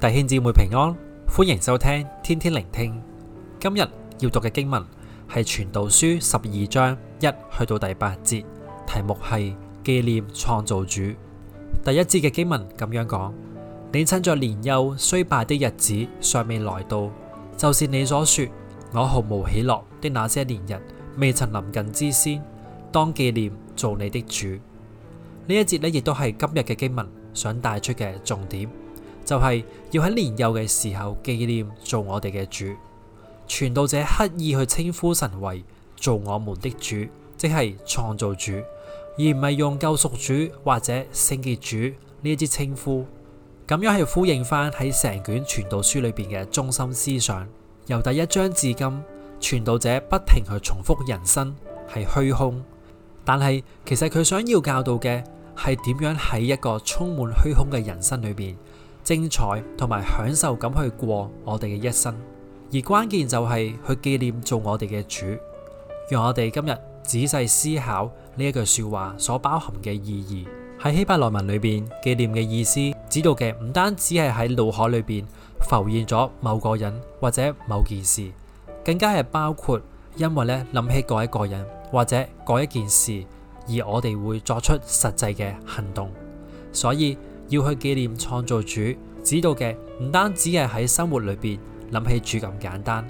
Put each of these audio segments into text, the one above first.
弟兄姊妹平安，歡迎收聽天天聆聽。今日要讀嘅經文係《傳道書》十二章一去到第八節，題目係紀念創造主。第一節嘅經文咁樣講：你趁著年幼衰敗的日子尚未來到，就是你所說我毫無喜樂的那些年日未曾臨近之先，當紀念做你的主。呢一節呢，亦都係今日嘅經文想帶出嘅重點。就係要喺年幼嘅時候紀念做我哋嘅主，傳道者刻意去稱呼神為做我們的主，的主即係創造主，而唔係用救贖主或者聖潔主呢一支稱呼，咁樣係呼應翻，喺成卷傳道書裏邊嘅中心思想。由第一章至今，傳道者不停去重複人生係虛空，但係其實佢想要教導嘅係點樣喺一個充滿虛空嘅人生裏邊。精彩同埋享受咁去過我哋嘅一生，而關鍵就係去紀念造我哋嘅主，讓我哋今日仔細思考呢一句說話所包含嘅意義。喺希伯來文裏邊，紀念嘅意思指到嘅唔單止係喺腦海裏邊浮現咗某個人或者某件事，更加係包括因為咧諗起嗰一個人或者嗰一件事，而我哋會作出實際嘅行動。所以。要去紀念創造主，指到嘅唔單止係喺生活裏邊諗起主咁簡單，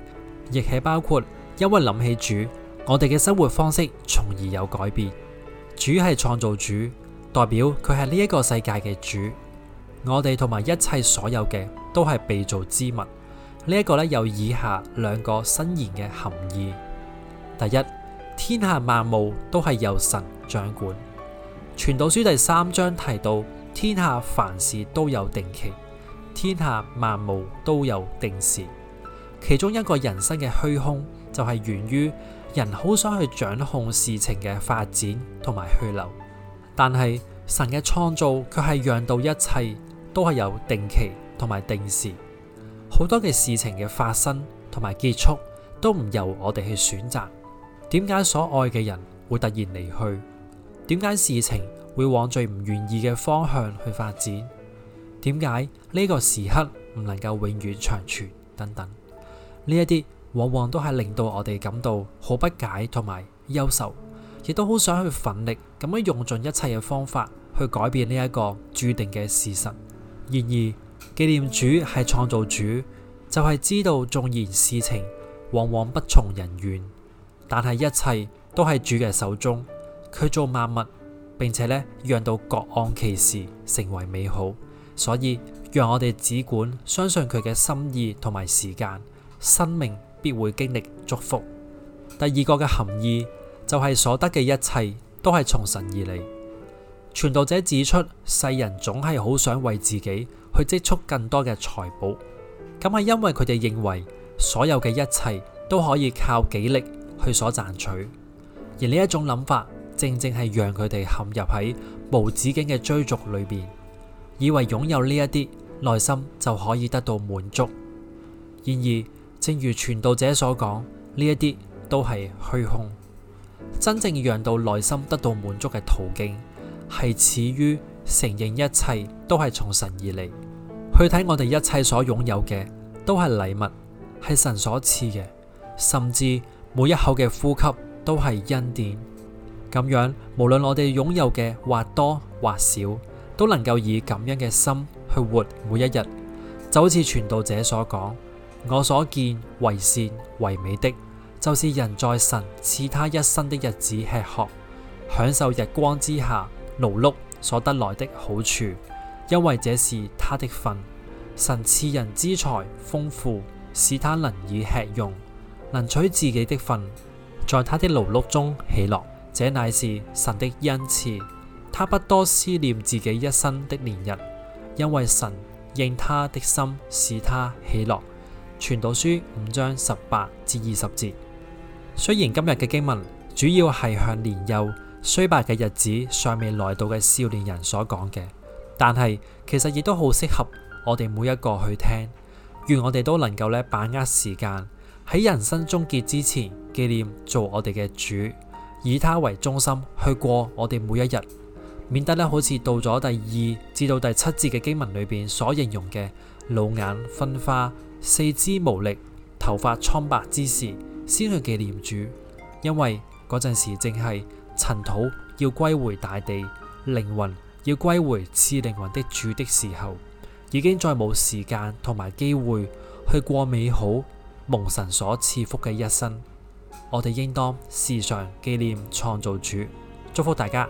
亦係包括因為諗起主，我哋嘅生活方式從而有改變。主係創造主，代表佢係呢一個世界嘅主。我哋同埋一切所有嘅都係被造之物。呢一個咧有以下兩個伸延嘅含義：第一，天下萬物都係由神掌管。傳道書第三章提到。天下凡事都有定期，天下萬務都有定時。其中一個人生嘅虛空，就係源於人好想去掌控事情嘅發展同埋去留。但係神嘅創造，佢係讓到一切都係有定期同埋定時。好多嘅事情嘅發生同埋結束，都唔由我哋去選擇。點解所愛嘅人會突然離去？點解事情？會往最唔願意嘅方向去發展，點解呢個時刻唔能夠永遠長存？等等呢一啲往往都係令到我哋感到好不解，同埋憂愁，亦都好想去奮力咁樣用盡一切嘅方法去改變呢一個注定嘅事實。然而，紀念主係創造主，就係知道縱然事情往往不從人願，但係一切都係主嘅手中，佢做萬物。並且咧，讓到各按其時成為美好，所以讓我哋只管相信佢嘅心意同埋時間，生命必會經歷祝福。第二個嘅含義就係、是、所得嘅一切都係從神而嚟。傳道者指出，世人總係好想為自己去積蓄更多嘅財寶，咁係因為佢哋認為所有嘅一切都可以靠己力去所賺取，而呢一種諗法。正正係讓佢哋陷入喺無止境嘅追逐裏邊，以為擁有呢一啲內心就可以得到滿足。然而，正如傳道者所講，呢一啲都係虛空。真正讓到內心得到滿足嘅途徑，係始於承認一切都係從神而嚟。去睇我哋一切所擁有嘅都係禮物，係神所賜嘅，甚至每一口嘅呼吸都係恩典。咁樣，無論我哋擁有嘅或多或少，都能夠以感恩嘅心去活每一日。就好似傳道者所講，我所見為善為美的，就是人在神賜他一生的日子吃喝，享受日光之下勞碌所得來的好處，因為這是他的份。神賜人資財豐富，使他能以吃用，能取自己的份，在他的勞碌中喜樂。這乃是神的恩賜，他不多思念自己一生的年日，因為神應他的心使他喜樂。傳道書五章十八至二十節。雖然今日嘅經文主要係向年幼、衰敗嘅日子尚未來到嘅少年人所講嘅，但係其實亦都好適合我哋每一個去聽。願我哋都能夠咧把握時間，喺人生終結之前，紀念造我哋嘅主。以他為中心去過我哋每一日，免得咧好似到咗第二至到第七節嘅經文裏邊所形容嘅 老眼昏花、四肢無力、頭髮蒼白之時，先去紀念主，因為嗰陣時正係塵土要歸回大地、靈魂要歸回賜靈魂的主的時候，已經再冇時間同埋機會去過美好蒙神所賜福嘅一生。我哋應當時常紀念創造主，祝福大家。